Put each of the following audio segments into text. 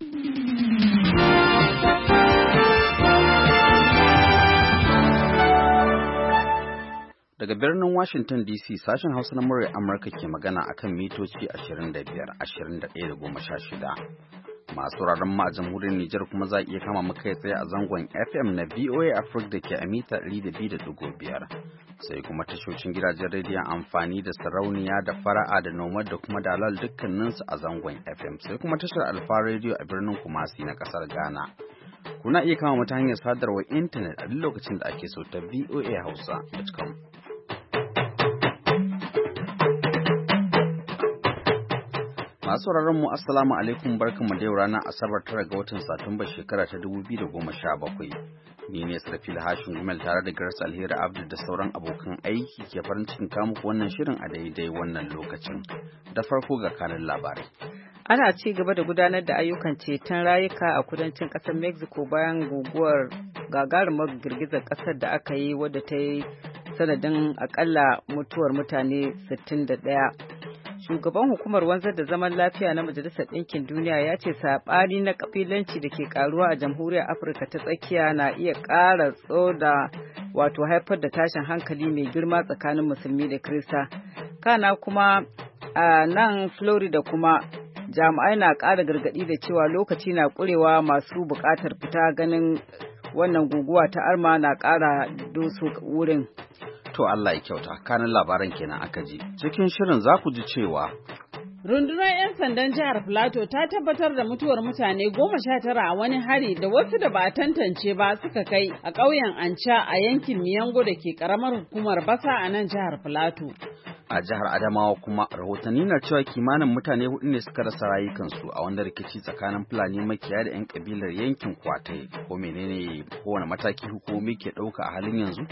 Thank you. Daga birnin Washington DC sashen Hausa na murya Amurka ke magana a kan mitoci 25-21-16. Masu raron ma a jamhuriyar Nijar kuma za iya kama mu kai tsaye a zangon FM na VOA Africa da ke a mita 200.5. Sai kuma tashocin gidajen rediyon amfani da sarauniya da fara'a da nomad da kuma dalal dukkaninsu a zangon FM. Sai kuma tashar Alfa Radio a birnin Kumasi na kasar Ghana. kuna iya kama mata hanyar sadarwar intanet a duk lokacin da ake so ta voa hausa.com. Masu sauraron mu assalamu alaikum mu da yau ranar Asabar tara ga watan Satumba shekara ta 2017. Ni ne Sarfil Hashin Gumel tare da Garsa Alheri Abdu da sauran abokan aiki ke farin cikin kamu wannan shirin a daidai wannan lokacin. Da farko ga kanin labarai. Ana ci gaba da gudanar da ayyukan ceton rayuka a kudancin ƙasar Mexico bayan guguwar gagarumar girgizar ƙasar da aka yi wadda ta yi sanadin akalla mutuwar mutane 61. shugaban hukumar wanzar da zaman lafiya na majalisar ɗinkin duniya ya ce saɓani na kabilanci da ke ƙaruwa a jamhuriyar afirka ta tsakiya na iya ƙara tsoda wato haifar da tashin hankali mai girma tsakanin musulmi da krista kana kuma a nan florida kuma jami'ai na ƙara gargaɗi da cewa lokaci na ƙurewa masu buƙatar fita ganin wannan guguwa ta arma na ƙara doso wurin To Allah ya kyauta, kanin labaran kenan aka ji. Cikin shirin za ku ji cewa Rundunar 'yan sandan jihar Filato ta tabbatar da mutuwar mutane goma sha tara a wani hari da wasu da ba tantance ba suka kai a ƙauyen Anca a yankin Miyango da ke ƙaramar hukumar Basa a nan jihar Filato. A jihar Adamawa kuma rahotanni na cewa kimanin mutane hudu ne suka rasa rayukansu a wanda rikici tsakanin Fulani makiya da 'yan kabilar yankin Kwatai ko menene kowane mataki hukumomi ke ɗauka a halin yanzu?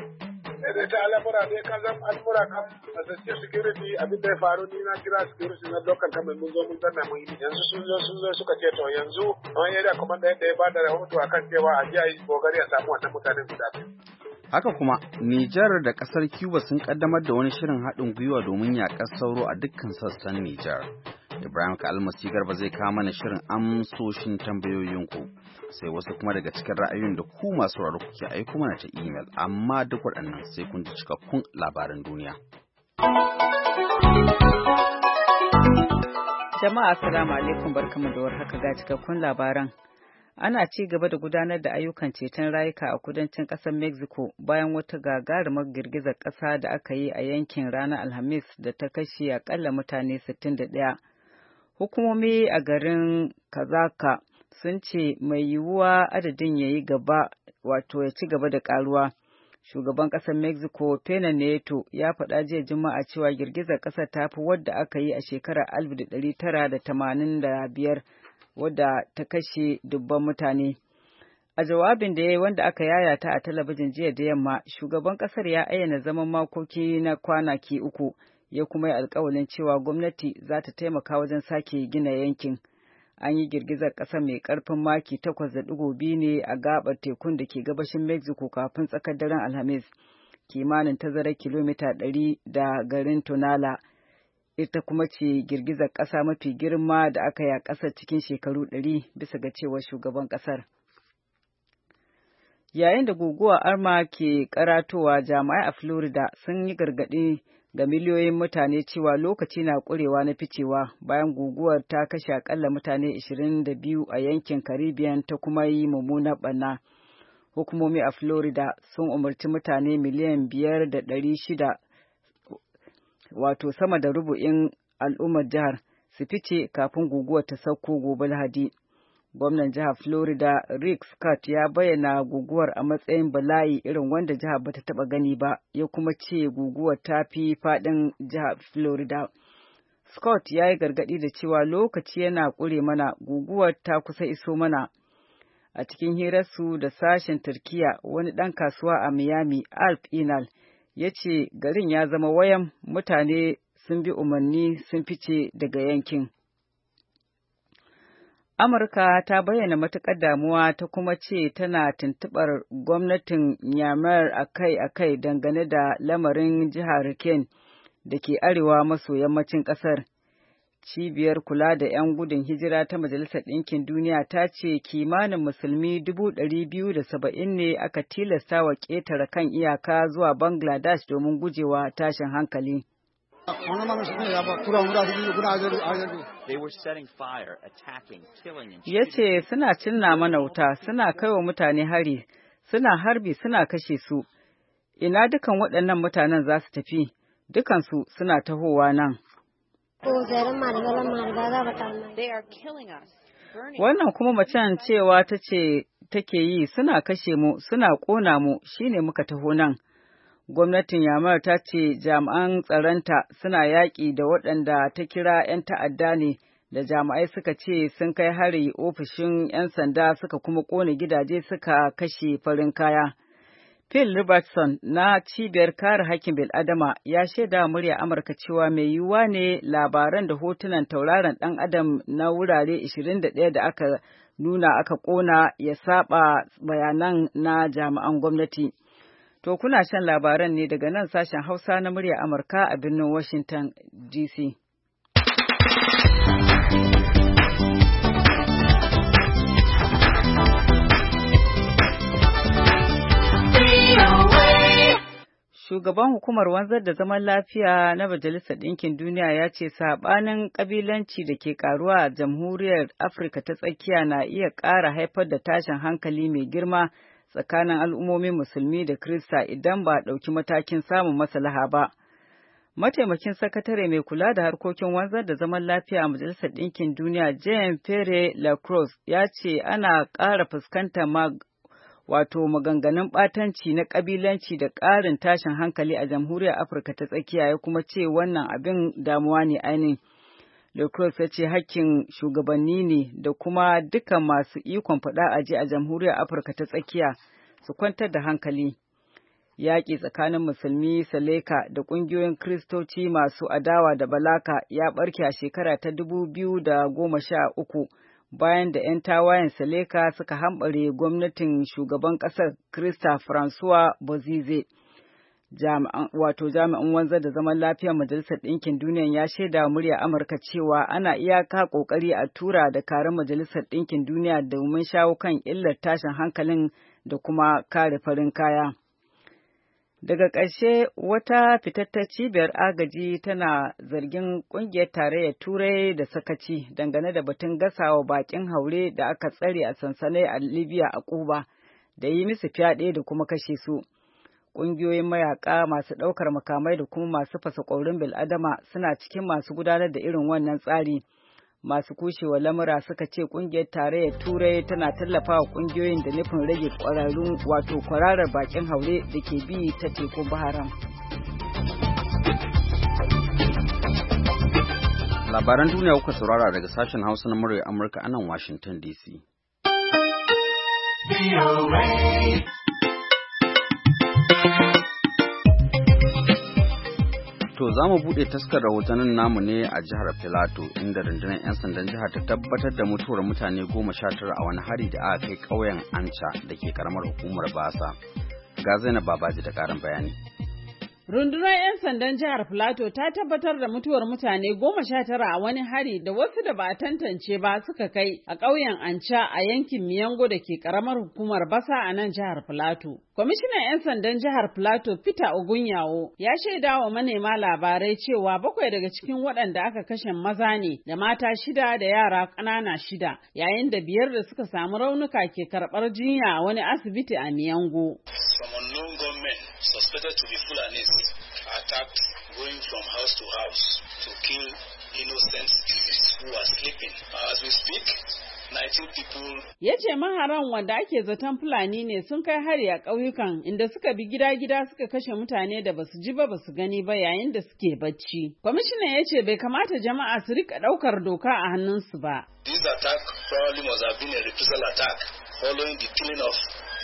ta al'amura ne ka zan al'amura kan kasance security abin da ya faru ni na kira security na dokar kamar mun zo mun zanna mun yi yanzu sun zo sun zo suka ce to yanzu Wani yadda kuma da yadda ya ba da rahoto a kan cewa a jiya yi kokari a samu wannan mutanen guda biyu. Haka kuma, Nijar da ƙasar Cuba sun ƙaddamar da wani shirin haɗin gwiwa domin yaƙar sauro a dukkan sassan Nijar. Ibrahim Kalmasi Garba zai kawo mana shirin amsoshin tambayoyinku. sai wasu kuma daga cikin ra'ayoyin da ku masu raro kuke aiko mana ta imel amma duk waɗannan sai kun ji cikakkun labaran duniya. Jama'a assalamu alaikum barkamu da warhaka ga cikakkun labaran. Ana ci gaba da gudanar da ayyukan ceton rayuka a kudancin ƙasar Mexico bayan wata gagarumar girgizar ƙasa da aka yi a yankin ranar Alhamis da ta kashe akalla mutane 61. Hukumomi a garin Kazaka sun ce mai yiwuwa adadin ya yi gaba wato ya ci gaba da karuwa. Shugaban ƙasar Mexico Pena neto ya faɗa jiya Juma'a cewa girgizar ƙasa ta fi wadda aka yi a shekarar 1985 wadda ta kashe dubban mutane. A jawabin da ya yi wanda aka yaya ta a talabijin jiya da yamma, shugaban ƙasar ya ayyana zaman makoki na kwanaki uku, ya kuma yi alkawalin cewa gwamnati za ta taimaka wajen sake gina yankin. an yi girgizar ƙasa mai ƙarfin maki 8.2 ne a gabar tekun da ke gabashin mexico kafin tsakar daren alhamis kimanin tazarar kilomita 100 da garin tonala ita kuma ce girgizar ƙasa mafi girma da aka yi a ƙasar cikin shekaru 100 bisa ga cewar shugaban ƙasar yayin da guguwa arma ke karatowa jami'ai a florida sun yi gargaɗi ga miliyoyin mutane cewa lokaci na ƙurewa na ficewa bayan guguwar ta kashe akalla mutane 22 a yankin caribbean ta kuma yi mummuna ɓanna hukumomi a florida sun umarci mutane miliyan 5,600 wato sama da rubu'in al'ummar jihar su fice kafin guguwar ta sauko gobe lahadi Gwamnan jihar Florida Rick Scott ya bayyana guguwar a matsayin bala'i irin wanda jihar bata taba gani ba, ya kuma ce guguwar ta fi faɗin jihar Florida. Scott ya yi gargaɗi da cewa lokaci yana kure mana guguwar ta kusa iso mana. A cikin hirarsu da sashen Turkiya wani ɗan kasuwa a Miami, Alp Inal, ya ce garin ya zama wayan mutane sun bi umarni sun fice daga yankin. Amurka ta bayyana matuƙar damuwa ta kuma ce tana tuntuɓar gwamnatin Myanmar akai-akai dangane da lamarin jihar Ken da ke arewa maso yammacin ƙasar. Cibiyar kula da 'yan gudun hijira ta Majalisar Ɗinkin Duniya ta ce kimanin musulmi dubu ɗari biyu da saba'in ne aka tilasta wa ƙetare kan iyaka zuwa Bangladesh domin gujewa tashin hankali. Ya ce suna cinna mana wuta, suna kai wa mutane hari, suna harbi suna kashe su. Ina dukan waɗannan mutanen za su tafi, dukansu suna tahowa nan. Wannan kuma macen cewa ta ce take yi suna kashe mu, suna ƙona mu, shine muka taho nan. Gwamnatin Yamar ta ce jami'an tsaronta suna yaƙi da waɗanda ta kira 'yan ta'adda ne da jami'ai suka ce sun kai hari ofishin 'yan sanda suka kuma ƙone gidaje suka kashe farin kaya. Phil Robertson na cibiyar kare hakkin bil'adama ya shaida murya Amurka cewa mai yiwuwa ne labaran da hotunan tauraron ɗan adam na wurare 21 da aka nuna aka ƙona ya saba bayanan na jami'an gwamnati. To kuna shan labaran ne daga nan sashen Hausa na murya Amurka a birnin Washington DC. Shugaban hukumar wanzar da zaman lafiya na Majalisar Ɗinkin Duniya ya ce saɓanin ƙabilanci da ke ƙaruwa a Jamhuriyar Afirka ta tsakiya na iya ƙara haifar da tashin hankali mai girma tsakanin al'ummomin musulmi da Kirista idan ba a ɗauki matakin samun maslaha ba. Mataimakin sakatare mai kula da harkokin wanzar da zaman lafiya a Majalisar Ɗinkin Duniya, Jean Pere LaCrosse ya ce ana ƙara fuskantar wato maganganun ɓatanci na ƙabilanci da ƙarin tashin hankali a jamhuriyar Afirka ta tsakiya ya kuma ce wannan abin damuwa ne ainihin. Le Croix ya ce hakkin shugabanni ne da kuma duka masu ikon faɗa a ji a jamhuriyar Afirka ta tsakiya su kwantar da hankali. Yaƙi tsakanin musulmi Saleka da ƙungiyoyin Kiristoci masu adawa da Balaka ya ɓarke a shekara ta dubu biyu da goma sha uku bayan da 'yan tawayen Saleka suka hambare gwamnatin shugaban ƙasar Krista François Bozize. wato jami'an wanzar da zaman lafiyar majalisar ɗinkin duniya ya shaida murya amurka cewa ana iyaka ƙoƙari a tura da karin majalisar ɗinkin duniya domin shawo kan illar tashin hankalin da kuma kare farin kaya daga ƙarshe wata fitattar cibiyar agaji tana zargin ƙungiyar tarayyar turai da sakaci dangane da batun gasawa bakin haure da aka tsare a sansanai a libya a kuba da yi musu fyaɗe da kuma kashe su. Ƙungiyoyin mayaka, masu ɗaukar makamai da kuma masu fasa kwaurin bil'adama suna cikin masu gudanar da irin wannan tsari. Masu kushewa lamura suka ce ƙungiyar tarayyar Turai tana tallafawa ƙungiyoyin da nufin rage ƙwararrun wato kwararar bakin haure da ke bi ta tekun Baharam. Labaran duniya kuka saurara daga sashen Hausa na murya Amurka anan Washington DC. To za mu buɗe taskar rahotannin namu ne a jihar Filato inda rundunar 'yan sandan jihar ta tabbatar da mutuwar mutane goma sha tara a wani hari da aka kai ƙauyen Anca da ke karamar hukumar Basa. Ga Zainab Babaji da ƙarin bayani. Rundunar 'yan sandan jihar Filato ta tabbatar da mutuwar mutane goma sha tara a wani hari da wasu da ba a tantance ba suka kai a ƙauyen Anca a yankin Miyango da ke ƙaramar hukumar Basa a nan jihar Filato. Kwamishinan 'yan sandan jihar Filato Peter Ogunyawo ya shaida wa manema labarai cewa bakwai daga cikin waɗanda aka kashe maza ne da mata shida da yara ƙanana shida yayin da biyar da suka samu raunuka ke karɓar jinya a wani asibiti a Miyango. suspected to be attacked going from house to house to kill innocent citizens who are sleeping. Uh, as we speak, Ya ce maharan wanda ake zaton Fulani ne sun kai hari a ƙauyukan inda suka bi gida-gida suka kashe mutane da basu ji ba basu gani ba yayin da suke bacci. Kwamishinan ya ce bai kamata jama'a su rika ɗaukar doka a hannunsu ba. This attack probably must have been a reprisal attack following the killing of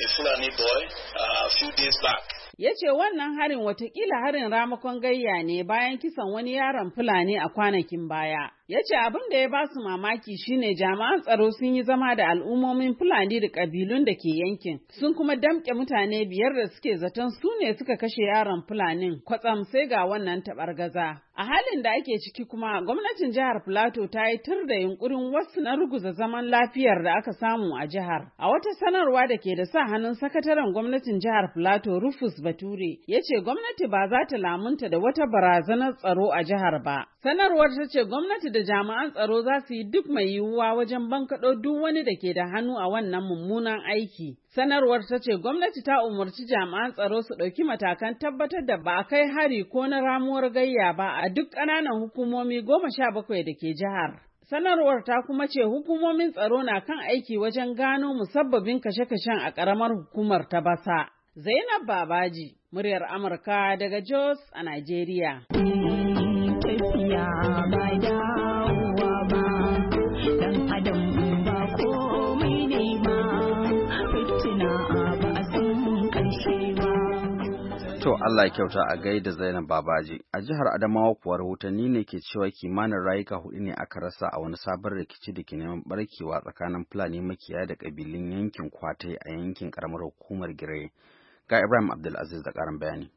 a Fulani boy uh, a few days back. ya ce wannan harin watakila harin ramakon gayya ne bayan kisan wani yaron Fulani a kwanakin baya. Ya ce abin da ya ba su mamaki shine jami'an tsaro sun yi zama da al'ummomin Fulani da kabilun da ke yankin, sun kuma damƙe mutane biyar da suke zaton su ne suka kashe yaron Fulanin kwatsam sai ga wannan taɓargaza. A halin da ake ciki kuma gwamnatin jihar Filato ta yi tur da yunkurin wasu na ruguza zaman lafiyar da aka samu a jihar. A wata sanarwa da ke da sa hannun sakataren gwamnatin jihar Filato Rufus Bature ya ce gwamnati ba za ta lamunta da wata barazanar tsaro a jihar ba. Sanarwar ta ce gwamnati da jami'an tsaro za su yi duk mai yiwuwa wajen bankaɗo duk wani da ke da hannu a wannan mummunan aiki. Sanarwar ta ce gwamnati ta umarci jami'an tsaro su ɗauki matakan tabbatar da ba a kai hari ko na ramuwar gayya ba a duk ƙananan hukumomi goma sha bakwai da ke jihar. Sanarwar ta kuma ce hukumomin tsaro na kan aiki wajen gano musabbabin kashe-kashen a ƙaramar hukumar ta basa. Zainab Babaji, muryar Amurka daga Jos a Najeriya. Allah ya kyauta a gaida Zainab Babaji. A jihar Adamawa kuwa rahotanni ne ke cewa kimanin rayuka hudu ne aka rasa a wani sabon rikici da ke neman barkewa tsakanin Fulani makiyaya da kabilun yankin Kwatai a yankin karamar hukumar Gire. Ga Ibrahim Abdulaziz da karin bayani.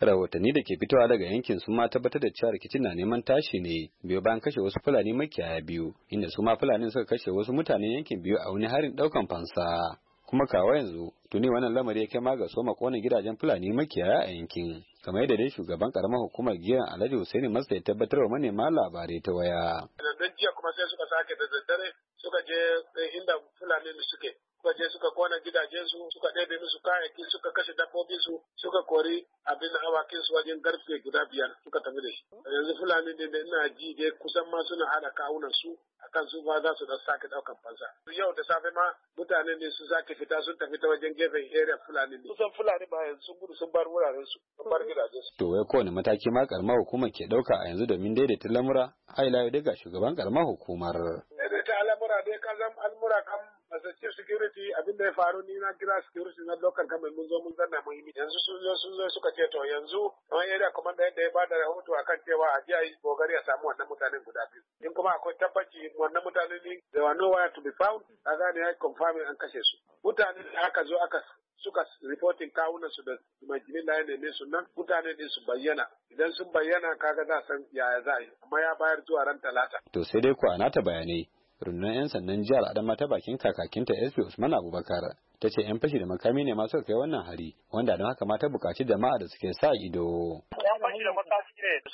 rahotanni da ke fitowa daga yankin sun ma tabbatar da cewa rikicin na neman tashi ne biyo bayan kashe wasu fulani makiyaya biyu inda su ma fulanin suka kashe wasu mutanen yankin biyu a wani harin daukan fansa kuma kawa yanzu tuni wannan lamari ya kai ma ga soma kona gidajen fulani makiyaya a yankin kamar yadda dai shugaban karamar hukumar giya alhaji husaini masu ya tabbatar wa manema labarai ta waya. da jiya kuma sai suka sake da daddare suka je eh, inda fulani suke suka je suka kona gidajensu suka ɗebe musu kayayyaki suka kashe dabbobinsu suka kori abin awakin su wajen garfe guda biyar suka tafi da shi yanzu fulani ne da ina ji dai kusan ma suna haɗa kawunan su akan su ba za su dan sake ɗaukan fansa yau da safe ma mutane ne su sake fita sun tafi ta wajen gefen area fulani ne kusan fulani ba yanzu sun gudu sun bar wuraren su sun bar gidajensu. to wai kowane mataki ma karamar hukumar ke ɗauka a yanzu domin daidaita lamura haila daga shugaban karamar hukumar. daidaita lamura dai zama almura kan kasance security da ya faru ni na kira security na local government mun zo mun zanna mun yanzu sun zo sun zo suka ce to yanzu kamar area commander yadda ya bada rahoto akan cewa a jiya yi kokari a samu wannan mutanen guda biyu in kuma akwai tabbaci wannan mutanen ne Da were nowhere to be found a gane ya confirm an kashe su mutanen da aka zo aka suka reporting kawunan su da majinin da ya ne su nan mutane din su bayyana idan sun bayyana kaga za san yaya za a yi amma ya bayar zuwa ran talata to sai dai ku anata bayanai rundunar 'yan sannan jihar adama ta bakin kakakinta sp usman abubakar ta ce 'yan fashi da makami ne masu kai wannan hari wanda don haka mata bukaci jama'a da suke sa ido.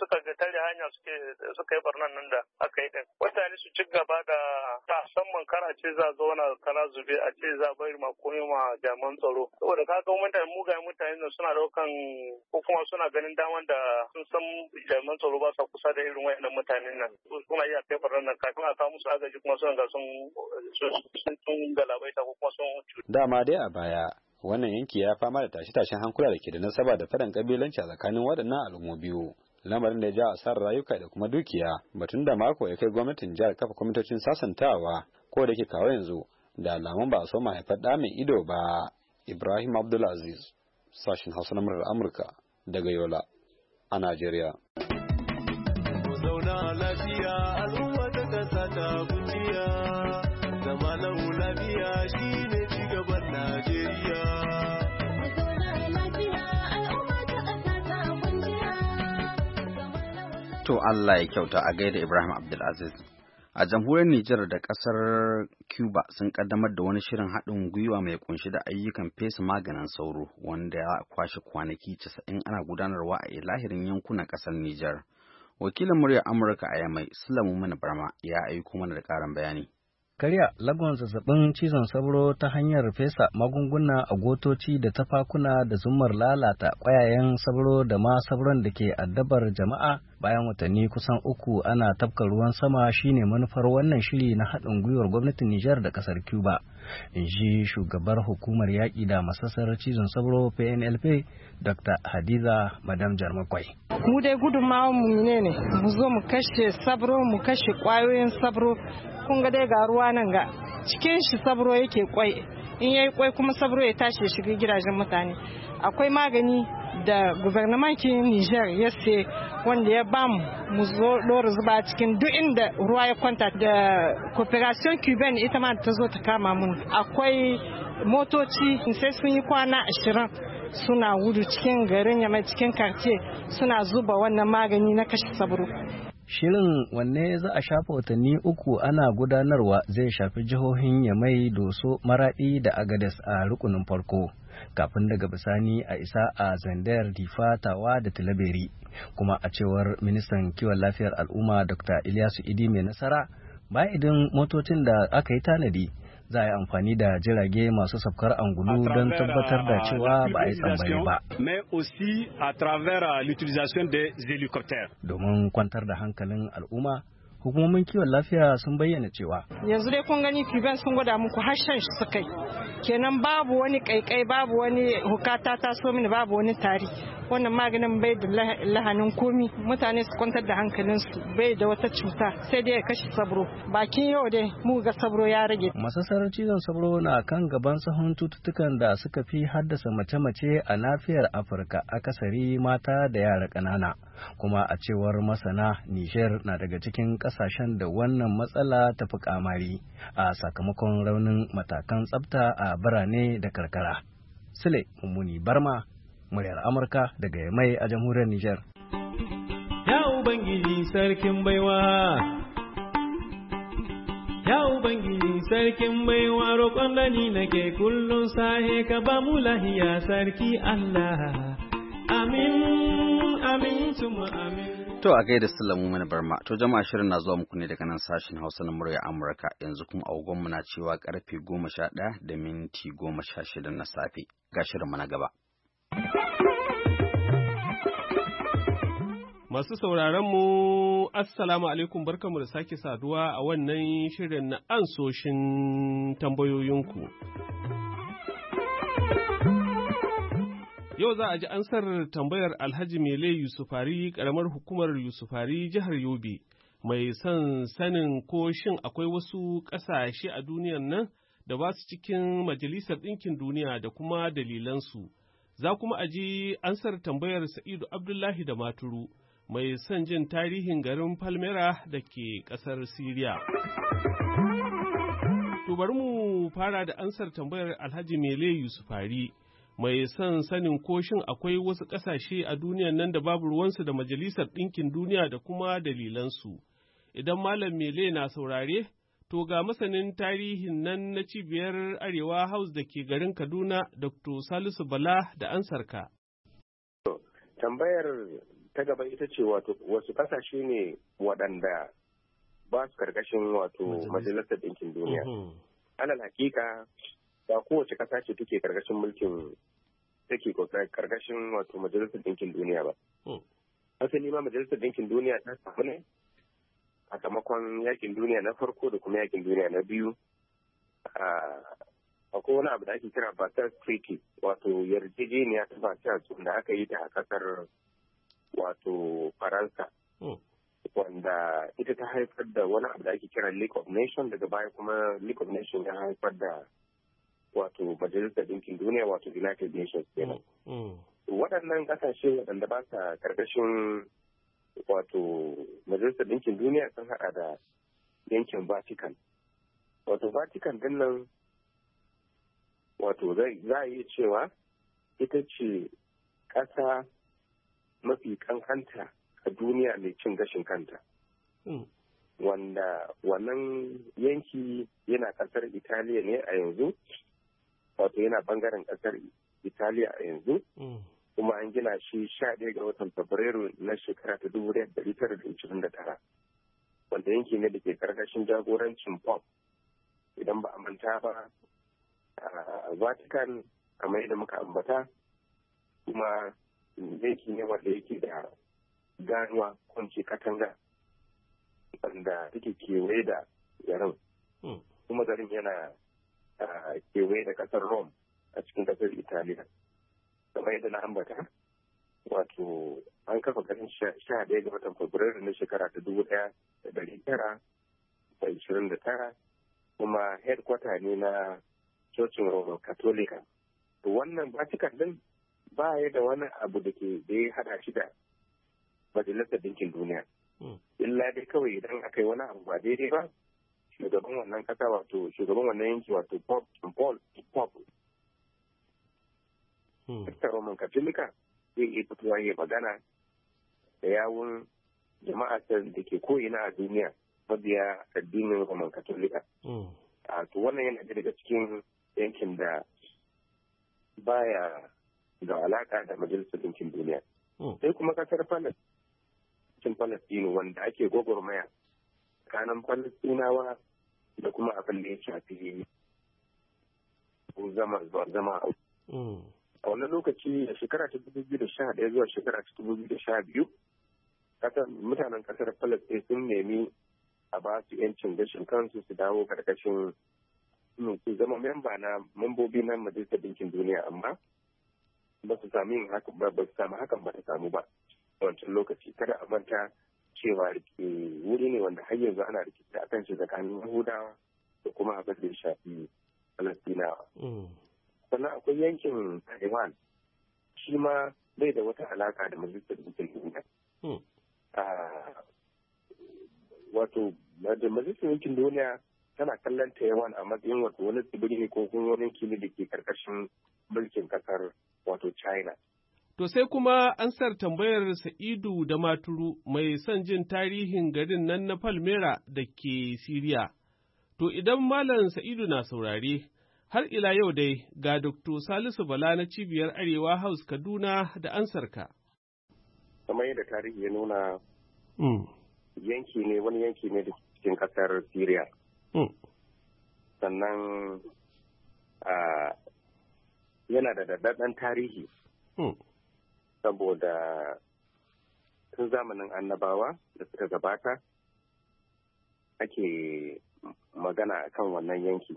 suka ga tare hanya suke suka yi barnan nan da aka yi din mutane su ci gaba da ta samman kara ce za a zauna kara zube a ce za a bari ma komai ma jaman tsaro saboda ka ga mutane mugayen mutane nan suna daukan ko kuma suna ganin daman da sun san jaman tsaro ba sa kusa da irin wayannan mutanen nan suna iya kai barnan nan kafin a kawo musu agaji kuma suna ga sun sun galabaita ko kuma sun dama dai a baya wannan yanki ya fama da tashe-tashen hankula da ke da nasaba da faɗan ƙabilanci a tsakanin waɗannan al'ummu biyu lamarin da ya ja asarar rayuka da kuma dukiya batun da mako ya kai gwamnatin jihar kafa kwamitocin sasantawa ko da ke kawo yanzu da alamun ba a so mahaifar ɗa mai ido ba ibrahim abdulaziz sashen hausa na murar amurka daga yola a najeriya zauna lafiya al'umma ta kasa ta To Allah ya kyauta a gaida Ibrahim Abdulaziz. A jamhuriyar Nijar da ƙasar Cuba sun ƙaddamar da wani shirin haɗin gwiwa mai kunshi da ayyukan fesa maganin sauro wanda ya kwashe kwanaki casa'in ana gudanarwa a lahirin yankunan ƙasar Nijar. Wakilin muryar Amurka a Yamai, Sulamu Mana Barma, ya aiko mana da ƙarin bayani. karya lagon zazzabin cizon sauro ta hanyar fesa magunguna a gotoci da tafakuna da zumar lalata ƙwayayen sauro da ma sauran da ke addabar jama'a bayan watanni kusan uku ana tafka ruwan sama shine manufar wannan shiri na haɗin gwiwar gwamnatin Nijar da ƙasar Cuba. In ji shugabar hukumar yaƙi da masassar cizon sauro PNLP Dr. Hadiza Madam Jarmakwai. mu dai gudunmawar mu ne ne mu zo mu kashe sabro mu kashe kwayoyin sabro kun ga dai ga ruwa nan ga cikin shi sabro yake kwai in yayi kwai kuma sabro ya tashi ya shiga gidajen mutane akwai magani da gubernamakin Niger ya ce wanda ya bamu mu dora zuba cikin duk inda ruwa ya kwanta da cooperation cuban ita ma ta zo ta kama mun akwai motoci sai sun yi kwana ashirin suna gudu cikin garin yamma cikin karce suna zuba wannan magani na kashe sabro Shirin wanne za a shafa watanni uku ana gudanarwa zai shafi jihohin Yamai, Doso, Maradi da Agades a rukunin farko, kafin daga bisani a isa a Zandayar Difa, da Tilaberi. Kuma a cewar ministan kiwon lafiyar al'umma Dr. Ilyasu Idi mai nasara, ba idan motocin da aka yi tanadi za a yi amfani da jirage masu safkar angulu don tabbatar da cewa ba a yi tsambaye ba. Domin kwantar da hankalin al'umma hukumomin kiwon lafiya sun bayyana cewa yanzu dai kun gani fiban sun gwada muku harshen shi suka yi kenan babu wani kaikai babu wani hukata ta so mini babu wani tari wannan maganin bai da lahanin komi mutane su kwantar da su bai da wata cuta sai dai ya kashe sabro bakin yau dai mu ga sabro ya rage masasarar cizon sabro na kan gaban sahun cututtukan da suka fi haddasa mace-mace a nafiyar afirka akasari mata da yara ƙanana kuma a cewar masana nijar na daga cikin kasashen da wannan matsala ta fi kamari a sakamakon raunin matakan tsafta a birane da karkara. Sule Mummuni Barma, muryar Amurka daga mai a jamhuriyar Nijar. Ya Ubangiji sarkin baiwa, Ya Ubangiji sarkin baiwa roƙon da nake kullum sahe ka ba mu lahiya sarki Allah. Amin, amin, tuma amin. To a gaida Sallamu mana barma, to jama'a shirin na zuwa muku ne daga nan sashen Hausa na murya Amurka yanzu kuma agogonmu na cewa karfe goma sha ɗaya da minti goma sha shida na safe ga shirin na gaba. Masu mu Assalamu alaikum barkanmu da sake saduwa a wannan shirin na ansoshin tambayoyinku. Yau za a ji ansar tambayar Alhaji Mele Yusufari karamar hukumar Yusufari jihar Yobe mai son sanin ko shin akwai wasu ƙasashe a duniyar nan da ba su cikin Majalisar Ɗinkin Duniya da kuma dalilansu. Za kuma a ji ansar tambayar Sa'idu Abdullahi da Maturu mai son jin tarihin garin Palmera da ke ƙasar Siriya. To bari mu fara da ansar tambayar Alhaji Mele Yusufari. mai son sanin ko akwai wasu ƙasashe a duniyan nan da babu ruwansu da Majalisar Ɗinkin Duniya da kuma dalilansu. Idan Malam Mele na saurare, to ga masanin tarihin nan na cibiyar Arewa House da ke garin Kaduna, Dr. Salisu Bala da ansarka. Tambayar ta gaba ita ce wato wasu ƙasashe ne waɗanda ba su karkashin wato Majalisar Ɗinkin Duniya. Alal hakika ba kowace ƙasa ce take karkashin mulkin take karkashin wato majalisar ɗinkin duniya ba. Hmm. Asali ma majalisar ɗinkin duniya ta samu ne a samakon yakin duniya na farko da kuma yakin duniya na biyu. a Akwai wani abu da ake kira Basel Treaty wato yarjejeniya ta Basel da aka yi ta a kasar wato Faransa. Hmm. Wanda ita ta haifar da wani abu da ake kira League of Nations daga baya kuma League of Nations ya haifar da wato majalisar dinkin duniya wato united nations kenan mm, mm. waɗannan ƙasashe waɗanda ba sa ƙarƙashin wato majalisar dinkin duniya sun haɗa da yankin vatican wato vatican din nan wato za a iya cewa ita ce ƙasa mafi ƙanƙanta a duniya mai cin gashin kanta mm. wanda wannan yanki yana ƙasar italiya ne a yanzu wato yana bangaren kasar italiya a yanzu hmm. kuma an gina shi sha ɗaya ga watan fabrairu na shekara ta dubu ɗaya da tara da ishirin da tara wanda yanki ne da ke karkashin jagorancin pop idan ba a manta ba a vatican kamar da muka ambata kuma yanki ne wanda yake da ganuwa kunci katanga wanda take kewaye da yaran hmm. kuma garin yana kewaye da kasar rome a cikin kasar italiya kamar yadda na ambata wato an kafa garin sha daya ga watan fabrairu na shekara ta dubu daya da dari tara da ishirin da tara kuma headquarter ne na cocin roman katolika to wannan vatican din ba ya da wani abu da ke da ya hada shi da majalisar ɗinkin duniya hmm. illa dai kawai idan aka yi wani abu ba daidai ba shugaban wannan kasa wato shugaban wannan yanki wato pop paul pop hmm. Mr. Roman Katolika zai iya fitowa ya magana da yawun jama'a da ke ko'ina a duniya mabiya addinin Roman Katolika. Hmm. To wannan yana daga cikin yankin da baya da alaka da majalisar ɗinkin duniya. Hmm. Sai kuma kasar Palestine wanda ake gwagwarmaya tsakanin Falastinawa da kuma abin da ya shafi zama zama a hmm. A wani lokaci da shekara ta dubu biyu da sha ɗaya zuwa shekara ta dubu biyu da sha biyu mutanen kasar falasɗin sun nemi a ba su yancin gashin kansu su dawo karkashin hmm, su zama memba na mambobi na majalisar ɗinkin duniya amma ba su sami hakan ba ta samu ba A wancan lokaci kada a manta cewa wuri ne wanda har yanzu ana rikici a kan shi tsakanin yahudawa da kuma abin da ya shafi falastinawa mm. sannan akwai yankin taiwan shi ma bai da wata alaka da majalisar ɗinkin duniya mm. ah, wato da majalisar duniya tana kallon taiwan a matsayin wato wani tsibiri ne ko kuma wani kili da ke karkashin mulkin kasar wato china To sai kuma ansar tambayar Sa'idu da Maturu mai son jin tarihin garin nan na Palmera da ke Siriya. To idan Malam Sa'idu na saurare, har ila yau dai ga Dr. Salisu Bala na Cibiyar Arewa House Kaduna da ansarka. Kamar yadda tarihi ya nuna mm. yanki ne wani yanki ne da cikin ƙasar Siriya. Mm. Sannan ah, yana da daddaɗan tarihi. Mm. saboda tun zamanin annabawa da suka gabata ake magana a kan wannan yanki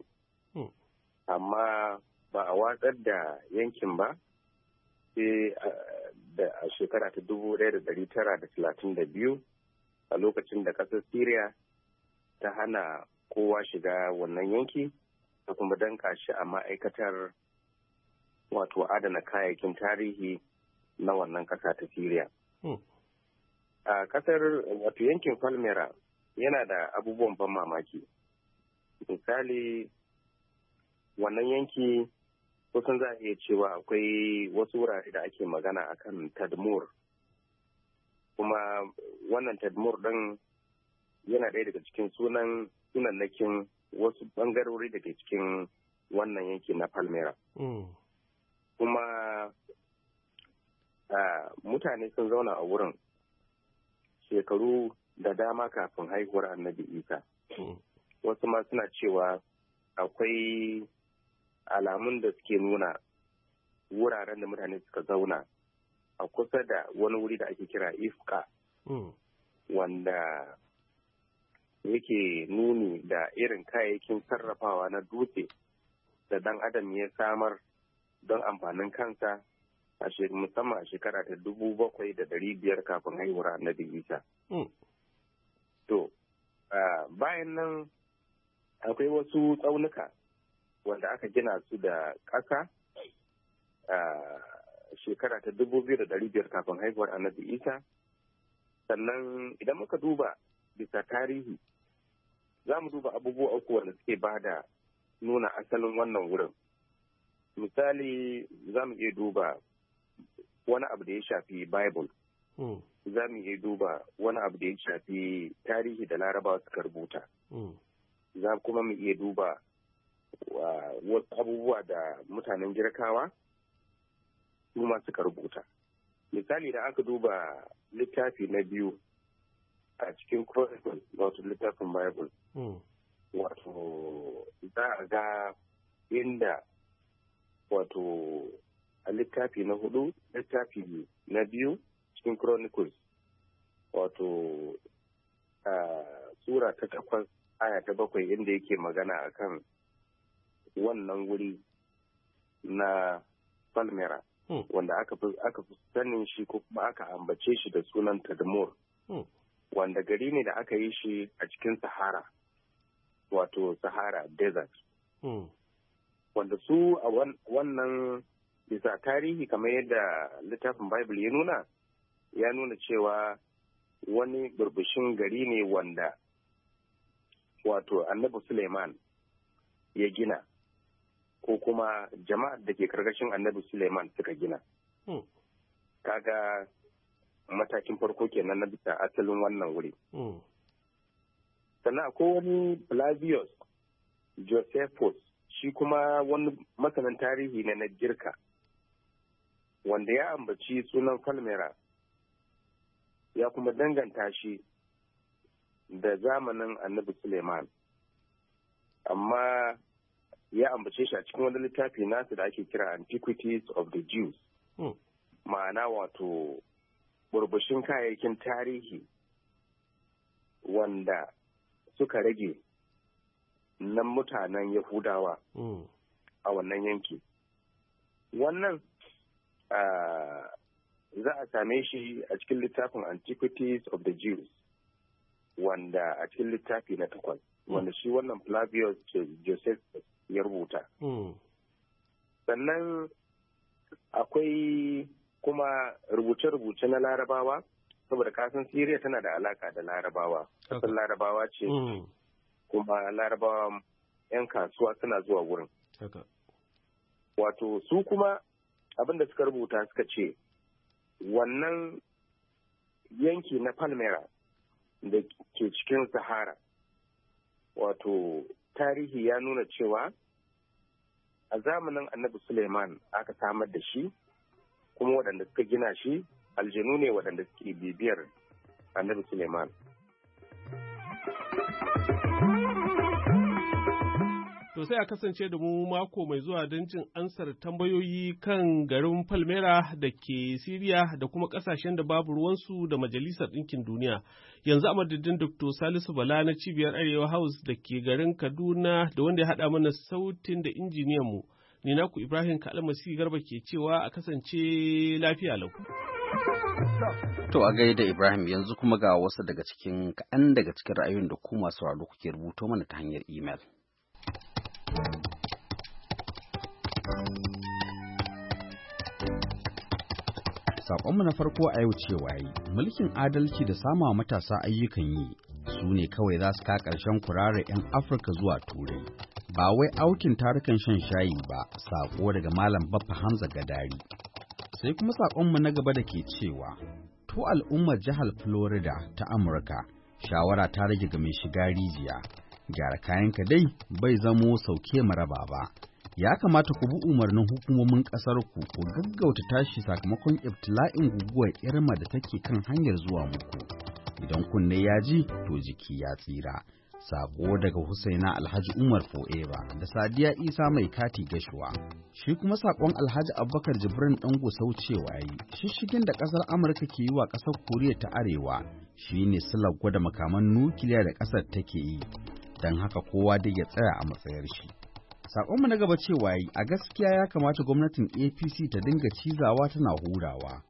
hmm. amma ba a watsar da yankin ba sai da a shekara ta dubu ɗaya da dari tara da talatin da biyu a lokacin da ƙasar syria ta hana kowa shiga wannan yanki ta kuma danka shi a ma'aikatar wato adana kayayyakin tarihi na wannan kasa ta Siriya. Hmm. A ƙasar wato yankin Palmyra yana da abubuwan ban mamaki. Misali wannan yanki kusan za a iya cewa akwai wasu wurare da ake magana akan tadmur kuma wannan tadmur ɗin yana ɗaya daga cikin sunan sunannakin wasu ɓangarori daga cikin wannan yanki na palmera hmm. kuma mutane sun zauna a wurin shekaru da dama kafin haihuwar annabi isa hmm. wasu ma suna cewa akwai alamun da suke nuna wuraren da mutane suka zauna a kusa da wani wuri da ake kira ifka hmm. wanda yake nuni da irin kayayyakin sarrafawa na dutse da dan adam ya samar don amfanin kansa a musamman a shekara ta dubu bakwai da dari biyar kafin haihuwar annabi isa hmm. to bayan nan akwai wasu tsaunuka wanda aka gina su da ƙasa shekara ta dubu biyu da dari biyar kafin haihuwar annabi isa sannan idan muka duba bisa tarihi za mu duba abubuwa uku wanda suke ba da nuna asalin wannan wurin misali za mu iya duba wani abu da ya shafi bible hmm. za mu iya duba wani abu da ya shafi tarihi da larabawa suka rubuta hmm. za kuma mu iya duba wasu abubuwa da mutanen jirkawa su ma suka rubuta misali da aka duba littafi na biyu a cikin chronicle wato littafin bible hmm. wato za a ga inda wato a littafi na hudu littafi na biyu cikin chronicles wato tsura ta takwas aya ta bakwai inda yake magana akan wannan wuri na palmera hmm. wanda aka fi sanin shi ko kuma aka ambace shi da sunan tadmur hmm. wanda gari ne da aka yi shi a cikin sahara wato sahara desert hmm. wanda su a wannan bisa tarihi kamar yadda littafin bible ya nuna ya nuna cewa wani burbushin gari ne wanda wato annabi suleiman ya gina ko kuma jama'ar da ke karkashin annabi suleiman suka gina hmm. kaga matakin farko kenan na bisa asalin wannan wuri hmm. sannan akwai wani Flavius Josephus shi kuma wani masanin tarihi ne na girka wanda ya ambaci sunan falmera ya kuma danganta shi da zamanin annabi suleiman amma ya ambace shi a cikin wani littafi nasu da ake kira antiquities of the jews hmm. ma'ana wato burbushin kayayyakin tarihi wanda suka rage nan mutanen yahudawa hmm. a wannan yanki wannan za a same shi a cikin littafin antiquities of the jews wanda a cikin littafi na takwas hmm. wanda shi wannan flavius joseph ya rubuta hmm. sannan akwai kuma rubuce-rubuce na larabawa saboda kasan siriya tana da alaka da larabawa kasan larabawa ce hmm. kuma larabawa 'yan kasuwa suna zuwa wurin wato su kuma abin da suka rubuta suka ce wannan yanki na palmera da ke cikin sahara wato tarihi ya nuna cewa a zamanin annabi suleiman aka samar da shi kuma waɗanda suka gina shi aljanu ne waɗanda suke bibiyar annabi suleiman To sai a kasance da mu mako mai zuwa don cin ansar tambayoyi kan garin Palmera da ke Siriya da kuma kasashen da babu ruwansu da Majalisar Ɗinkin Duniya. Yanzu a madadin Dr. Salisu Bala na Cibiyar Arewa House da ke garin Kaduna da wanda ya haɗa mana sautin da injiniyan mu. Ni naku Ibrahim Kalmasi Garba ke cewa a kasance lafiya lau. To a gaida Ibrahim yanzu kuma ga wasu daga cikin kaɗan daga cikin ra'ayoyin da ku masu kuke rubuto mana ta hanyar imel. Saƙonmu na farko a yau cewa waye, mulkin adalci da sama matasa ayyukan yi su ne kawai za su ka ƙarshen kurare 'yan Afirka zuwa Turai. Ba wai aukin tarukan shan shayi ba, saƙo daga Malam Baffa Hamza Gadari. Sai kuma saƙonmu na gaba da ke cewa, To al'ummar jihar Florida ta Amurka, shawara ta rage ga mai shiga rijiya. gyara kayanka dai bai zamo sauke maraba ba. Ya kamata ku bi umarnin hukumomin ƙasar ku ku gaggauta tashi sakamakon ibtila'in guguwar irma da take kan hanyar zuwa muku. Idan kunne ya ji, to jiki ya tsira. Sako daga Husaina Alhaji Umar Fo'eba da Sadiya Isa mai kati gashuwa. Shi kuma sakon Alhaji Abubakar Jibrin Dango saucewa yi, shishigin da ƙasar Amurka ke yi wa ƙasar Koriya ta Arewa shi ne silar da makaman nukiliya da ƙasar take yi. don haka kowa dai ya tsaya a matsayar shi. Saƙonmu na gaba cewa yi a gaskiya ya kamata gwamnatin APC ta dinga cizawa tana hurawa,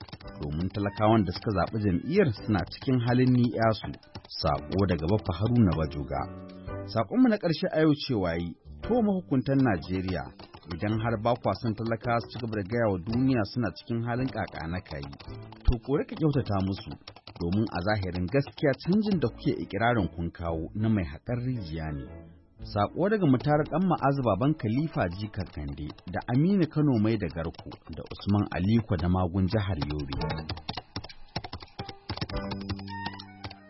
domin talakawan da suka zaɓi jam'iyyar suna cikin halin su Saƙo daga Baffa Haruna Bajoga. Saƙonmu na ƙarshe a yau cewa yi to mahukuntan Najeriya idan har ba kwa son talakawa su ci gaba da gaya wa duniya suna cikin halin ƙaƙa na to kore ka kyautata musu domin a zahirin gaskiya canjin da kuke ikirarin kun kawo na mai haƙar rijiya ne. Saƙo daga mutarar ɗan ma'azu baban Khalifa Jikar Kande da Aminu Kano mai da Garku da Usman Aliko da Magun jihar Yobe.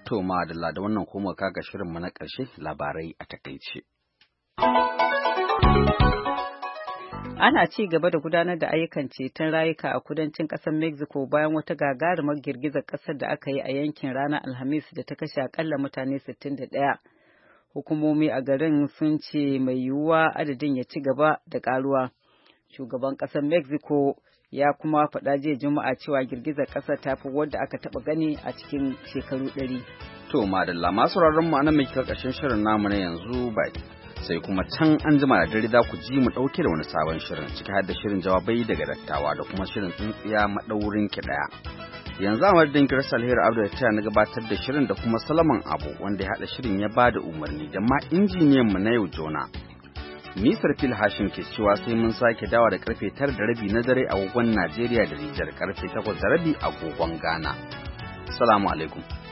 To ma da wannan koma kaga shirinmu na ƙarshe labarai a takaice. ana ci gaba da gudanar da ayyukan ceton rayuka a kudancin ƙasar mexico bayan wata gagarumar girgizar ƙasar da aka yi a yankin ranar alhamis da ta kashe akalla mutane 61 hukumomi a garin sun ce mai yiwuwa adadin ya ci gaba da karuwa shugaban ƙasar mexico ya kuma faɗa jiya juma'a cewa girgizar ƙasar ta fi wadda aka taɓa gani a cikin shekaru ɗari. to madalla masu mu anan shirin namu na yanzu baki sai kuma can an jima da dare za ku ji mu ɗauke da wani sabon shirin ciki har da shirin jawabai daga dattawa da kuma shirin tsintsiya maɗaurin ki ɗaya. Yanzu a madadin Grace Alheri Abdu da ta na gabatar da shirin da kuma Salaman Abu wanda ya haɗa shirin ya ba da umarni da ma injiniyan mu na yau Jona. Nisar Filhashin Hashim ke cewa sai mun sake dawa da karfe tara da rabi na dare agogon Najeriya da Nijar karfe takwas da rabi agogon Ghana. Salamu alaikum.